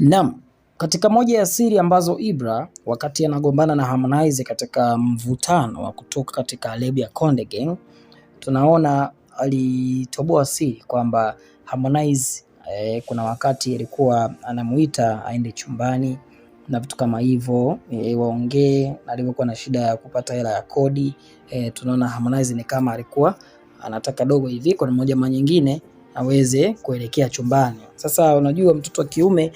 Naam, katika moja ya siri ambazo Ibra wakati anagombana na Harmonize katika mvutano wa kutoka katika lebo ya Konde Gang, tunaona alitoboa siri kwamba Harmonize eh, kuna wakati alikuwa anamuita aende chumbani na vitu kama hivyo e, waongee alivyokuwa na shida ya kupata hela ya kodi e, tunaona Harmonize ni kama alikuwa anataka dogo hivi kwa moja ama nyingine aweze kuelekea chumbani. Sasa unajua mtoto wa kiume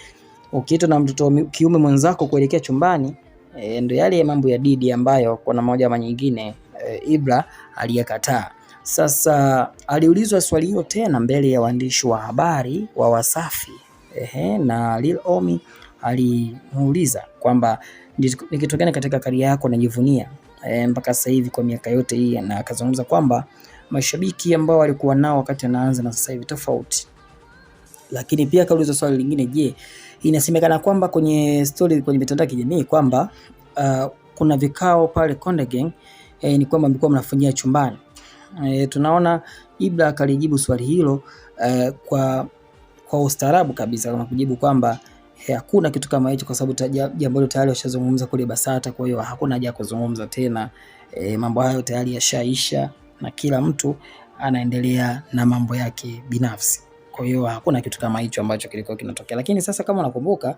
ukiitwa na mtoto wa kiume mwenzako kuelekea chumbani e, ndio yale mambo ya Didi ambayo kwa namna moja ama nyingine e, Ibra aliyekataa. Sasa aliulizwa swali hilo tena mbele ya waandishi wa habari wa Wasafi. Ehe, na Lil Omi alimuuliza kwamba ni kitu gani katika kari yako najivunia e, mpaka sasa hivi kwa miaka yote hii, na akazungumza kwamba mashabiki ambao alikuwa nao wakati anaanza na sasa hivi tofauti. Lakini pia akauliza swali lingine, je, Inasemekana kwamba kwenye story kwenye mitandao ya kijamii kwamba uh, kuna vikao pale Konde Gang eh, ni kwamba mlikuwa mnafanyia chumbani. Eh, tunaona Ibra akalijibu swali hilo eh, kwa kwa ustaarabu kabisa kama kujibu kwamba eh, hakuna kitu kama hicho, kwa sababu jambo hilo tayari washazungumza kule Basata. Kwa hiyo hakuna haja ya kuzungumza tena eh, mambo hayo tayari yashaisha na kila mtu anaendelea na mambo yake binafsi. Kwa hiyo hakuna kitu kama hicho ambacho kilikuwa kinatokea, lakini sasa kama unakumbuka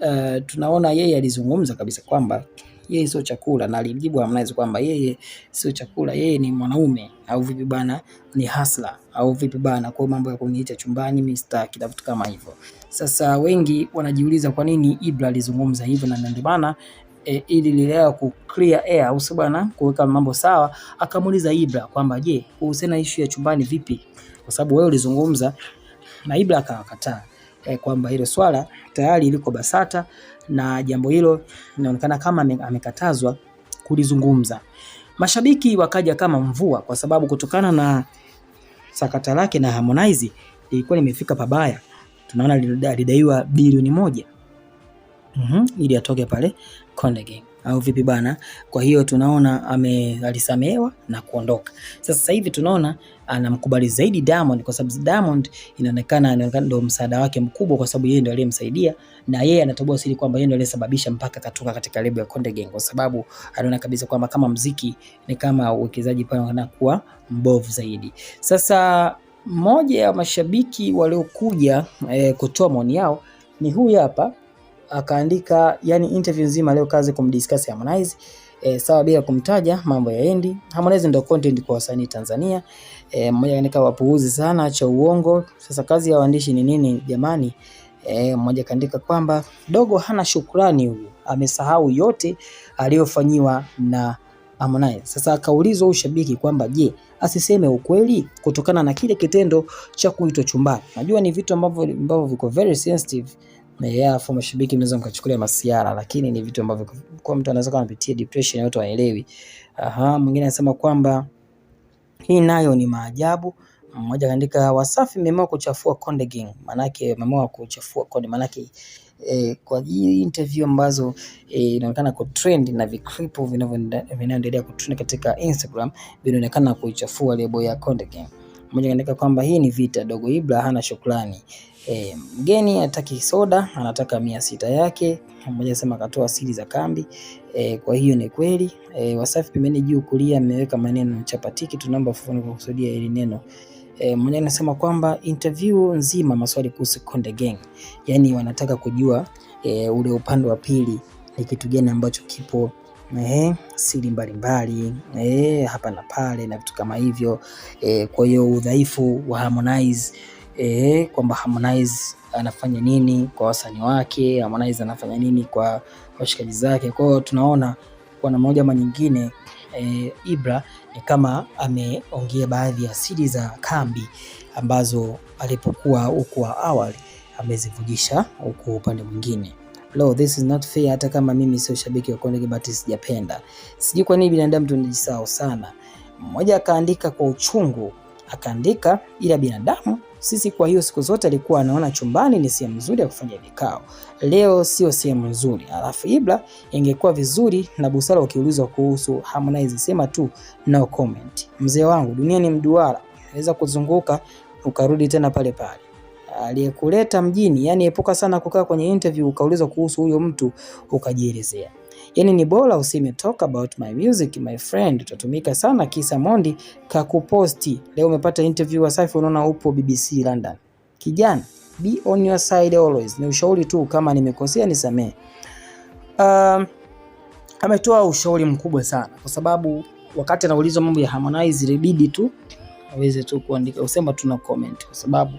uh, tunaona yeye alizungumza kabisa kwamba yeye sio chakula, na alijibu Harmonize kwamba yeye sio chakula, yeye ni mwanaume au vipi bana, ni hasla au vipi bana, kwa mambo ya kuniita chumbani mista kila kitu kama hivyo. Sasa wengi wanajiuliza kwa nini Ibra alizungumza hivyo, na ndio maana e, ili lilea ku clear air au sio bana, kuweka mambo sawa, akamuuliza Ibra kwamba je, kuhusiana issue ya chumbani vipi? Kwa sababu wewe ulizungumza na Ibra akawakataa e, kwamba hilo swala tayari liko BASATA na jambo hilo linaonekana kama amekatazwa kulizungumza. Mashabiki wakaja kama mvua, kwa sababu kutokana na sakata lake na Harmonize ilikuwa limefika pabaya. Tunaona alidaiwa bilioni moja mm -hmm, ili atoke pale Konde Gang au vipi bana? Kwa hiyo tunaona ame alisamehewa na kuondoka. Sasa hivi tunaona anamkubali zaidi Diamond kwa sababu Diamond inaonekana ndio msaada wake mkubwa, kwa sababu yeye ndio aliyemsaidia na yeye anatoboa siri kwamba yeye ndio aliyesababisha mpaka katoka katika lebo ya Konde Gang, kwa sababu anaona kabisa kwamba kama mziki ni kama uwekezaji pale anakuwa mbovu zaidi. Sasa mmoja ya mashabiki waliokuja e, kutoa maoni yao ni huyu hapa akaandika yani interview nzima leo kazi kumdiscuss Harmonize e, sawa bila kumtaja mambo ya endi. Harmonize ndio content kwa wasanii Tanzania. E, mmoja kaandika wapuuzi sana cha uongo. Sasa kazi ya waandishi ni nini jamani? E, mmoja kaandika kwamba dogo hana shukrani huyu, amesahau yote aliyofanyiwa na Harmonize. Sasa akaulizwa ushabiki kwamba je, asiseme ukweli kutokana na kile kitendo cha kuitwa chumbani. Najua ni vitu ambavyo ambavyo viko very sensitive yeah, for mashabiki mnaweza mkachukulia masiara, lakini ni vitu ambavyo kwa mtu anaweza kupitia depression, watu waelewi. Aha, mwingine anasema kwamba hii nayo ni maajabu. Mmoja kaandika Wasafi mmeamua kuchafua Konde Gang, manake mmeamua kuchafua Konde, manake eh, kwa hii interview ambazo eh, inaonekana ku trend na vikripo vinavyoendelea ku trend katika Instagram vinaonekana kuichafua lebo ya Konde Gang. Mmoja kaandika kwamba hii ni vita, Dogo Ibra hana shukrani. E, mgeni anataka soda, anataka mia sita yake. Mmoja sema akatoa siri za kambi e, kwa hiyo ni kweli e, Wasafi pembeni juu kulia mmeweka maneno chapatiki tu namba fulani kwa kusudia ile neno e, mmoja anasema kwamba interview nzima maswali kuhusu Konde Gang, yani wanataka kujua e, ule upande wa pili ni kitu gani ambacho kipo Eh, siri mbalimbali eh, hapa na pale na vitu kama hivyo e, kwa hiyo udhaifu wa Harmonize eh, kwamba Harmonize anafanya nini kwa wasanii wake, Harmonize anafanya nini kwa washikaji zake. Kwa hiyo tunaona kwa namna moja ama nyingine e, Ibra ni kama ameongea baadhi ya siri za kambi ambazo alipokuwa huko awali amezivujisha huko upande mwingine. Lo, this is not fair. Hata kama mimi sio shabiki wa Konde Kibati, sijapenda, sijui kwa nini binadamu tunajisahau sana. Mmoja akaandika kwa uchungu, akaandika ila binadamu sisi kwa hiyo siku zote alikuwa anaona chumbani ni sehemu nzuri ya kufanya vikao. Leo sio sehemu nzuri. Alafu Ibra, ingekuwa vizuri na busara ukiulizwa kuhusu Harmonize, sema tu no comment. Mzee wangu, dunia ni mduara, unaweza kuzunguka ukarudi tena pale pale aliyekuleta mjini. Yani epuka sana kukaa kwenye interview ukaulizwa kuhusu huyo mtu ukajielezea yani ni bora usime talk about my music my friend, utatumika sana kisa Mondi kakuposti leo umepata interview Wasafi, unaona upo BBC London. Kijana, be on your side always. Ni ushauri tu, kama nimekosea nisamee. Um, ametoa ushauri mkubwa sana kwa sababu wakati anaulizwa mambo ya Harmonize ilibidi tu aweze tu kuandika usema tuna comment kwa sababu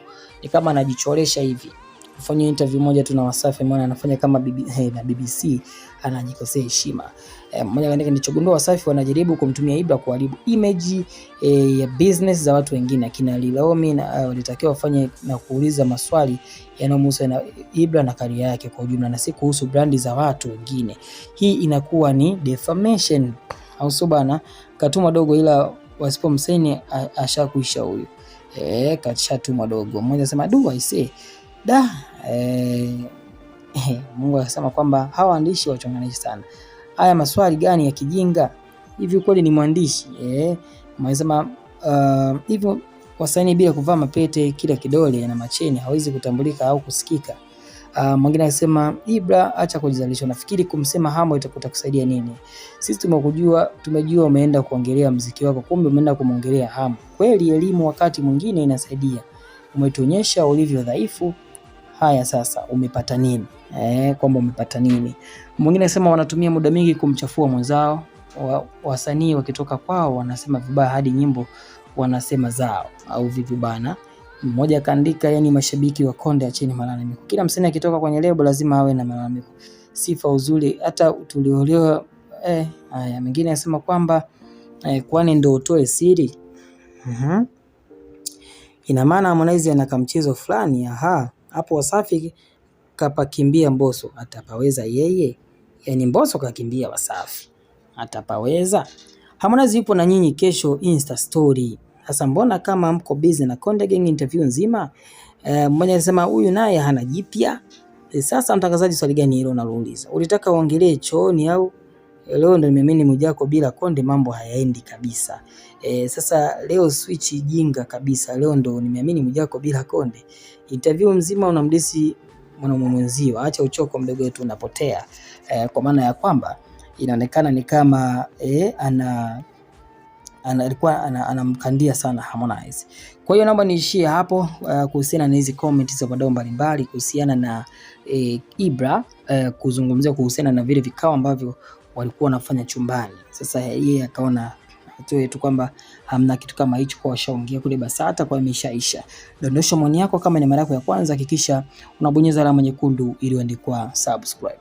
ni kama anajichoresha hivi kufanya interview moja tu na Wasafi, maana anafanya kama BB, he, eh, na BBC anajikosea heshima. E, eh, mmoja kaandika nilichogundua Wasafi wanajaribu kumtumia Ibra kuharibu image e, ya business za watu wengine. Akina Lilaomi na walitakiwa uh, wafanye na kuuliza maswali yanayomhusu na Ibra na karia yake kwa ujumla na si kuhusu brandi za watu wengine. Hii inakuwa ni defamation au sio bana? Katuma dogo ila wasipomsaini ashakuisha huyu. Eh, kashatuma dogo. Mmoja sema du say Da, eh, Mungu akasema kwamba hawa waandishi wachonganishi sana. Haya maswali gani ya kijinga hivi, kweli ni mwandishi eh? Amesema uh, hivyo wasanii bila kuvaa mapete kila kidole na macheni hawezi kutambulika au kusikika. Uh, mwingine akasema Ibra, acha kujizalisha, nafikiri kumsema Hamo itakuta kusaidia nini? Sisi tumekujua, tumejua umeenda kuongelea mziki wako, kumbe umeenda kumongelea Hamo. Kweli elimu wakati mwingine inasaidia, umetuonyesha ulivyo dhaifu haya sasa umepata nini? E, kwamba umepata nini. Mwingine anasema wanatumia muda mingi kumchafua mwenzao, wasanii wakitoka kwao wanasema vibaya hadi nyimbo wanasema zao au vivyo bana. Mmoja kaandika, yani mashabiki wa Konde acheni malalamiko. Kila msanii akitoka kwenye lebo lazima awe na malalamiko, sifa, uzuri, hata tuliolewa eh. Haya, mwingine anasema kwamba eh, kwani ndio utoe siri? uh mhm. -huh. Ina maana Harmonize anakamchezo fulani aha hapo Wasafi kapakimbia Mbosso, atapaweza yeye? yani Mbosso kakimbia Wasafi, atapaweza? Harmonize yupo na nyinyi kesho Insta story. Sasa mbona kama mko busy na Konde Gang interview nzima? Eh, e, mmoja anasema huyu naye hana jipya. E, sasa mtangazaji, swali gani hilo unalouliza? Ulitaka uongelee chooni au leo ndo nimemini Mwijaku bila Konde mambo hayaendi kabisa. E, sasa leo switch jinga kabisa, leo ndo nimeamini Mwijaku bila Konde. Interview mzima unamdisi mwanaume mwenzio, acha uchoko mdogo wetu unapotea. E, kwa maana ya kwamba inaonekana ni kama e, ana alikuwa anamkandia ana sana Harmonize. Kwa hiyo naomba niishie hapo uh, kuhusiana na hizi comments za wadau mbalimbali kuhusiana na e, Ibra eh, kuzungumzia kuhusiana na vile vikao ambavyo walikuwa wanafanya chumbani. Sasa yeye akaona hatua yetu kwamba hamna kitu kama hicho, kwa washaongea kule BASATA kwa imeshaisha. Dondosha maoni yako, kama ni mara yako ya kwanza hakikisha unabonyeza alama nyekundu iliyoandikwa subscribe.